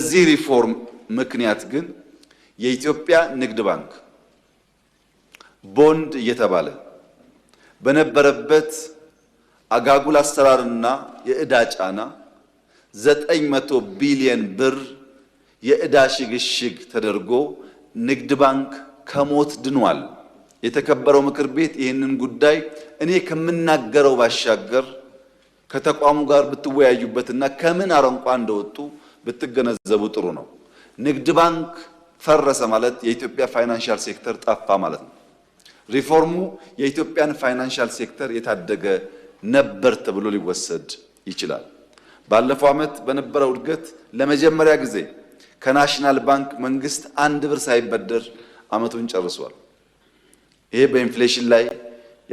በዚህ ሪፎርም ምክንያት ግን የኢትዮጵያ ንግድ ባንክ ቦንድ እየተባለ በነበረበት አጋጉል አሰራርና የዕዳ ጫና ዘጠኝ መቶ ቢሊየን ብር የዕዳ ሽግሽግ ተደርጎ ንግድ ባንክ ከሞት ድኗል። የተከበረው ምክር ቤት ይህንን ጉዳይ እኔ ከምናገረው ባሻገር ከተቋሙ ጋር ብትወያዩበትና ከምን አረንቋ እንደወጡ ብትገነዘቡ ጥሩ ነው። ንግድ ባንክ ፈረሰ ማለት የኢትዮጵያ ፋይናንሻል ሴክተር ጠፋ ማለት ነው። ሪፎርሙ የኢትዮጵያን ፋይናንሻል ሴክተር የታደገ ነበር ተብሎ ሊወሰድ ይችላል። ባለፈው ዓመት በነበረው እድገት ለመጀመሪያ ጊዜ ከናሽናል ባንክ መንግስት አንድ ብር ሳይበደር ዓመቱን ጨርሷል። ይሄ በኢንፍሌሽን ላይ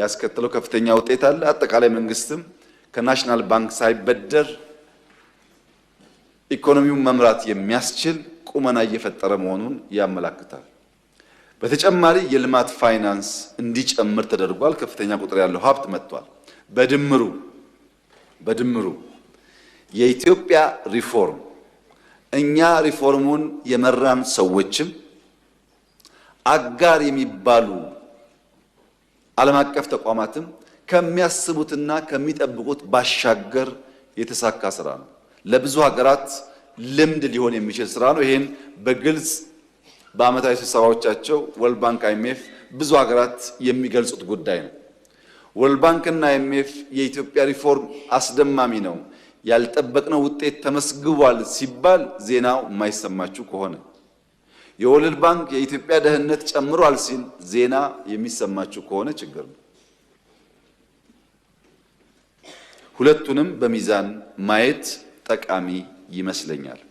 ያስከተለው ከፍተኛ ውጤት አለ። አጠቃላይ መንግስትም ከናሽናል ባንክ ሳይበደር ኢኮኖሚውን መምራት የሚያስችል ቁመና እየፈጠረ መሆኑን ያመላክታል። በተጨማሪ የልማት ፋይናንስ እንዲጨምር ተደርጓል። ከፍተኛ ቁጥር ያለው ሀብት መጥቷል። በድምሩ በድምሩ የኢትዮጵያ ሪፎርም እኛ ሪፎርሙን የመራን ሰዎችም አጋር የሚባሉ ዓለም አቀፍ ተቋማትም ከሚያስቡትና ከሚጠብቁት ባሻገር የተሳካ ስራ ነው። ለብዙ ሀገራት ልምድ ሊሆን የሚችል ስራ ነው። ይሄን በግልጽ በአመታዊ ስብሰባዎቻቸው ወርልድ ባንክ አይኤምኤፍ ብዙ ሀገራት የሚገልጹት ጉዳይ ነው። ወርልድ ባንክና አይኤምኤፍ የኢትዮጵያ ሪፎርም አስደማሚ ነው፣ ያልጠበቅነው ውጤት ተመስግቧል ሲባል ዜናው የማይሰማችሁ ከሆነ የወርልድ ባንክ የኢትዮጵያ ደህንነት ጨምሯል ሲል ዜና የሚሰማችሁ ከሆነ ችግር ነው። ሁለቱንም በሚዛን ማየት ጠቃሚ ይመስለኛል።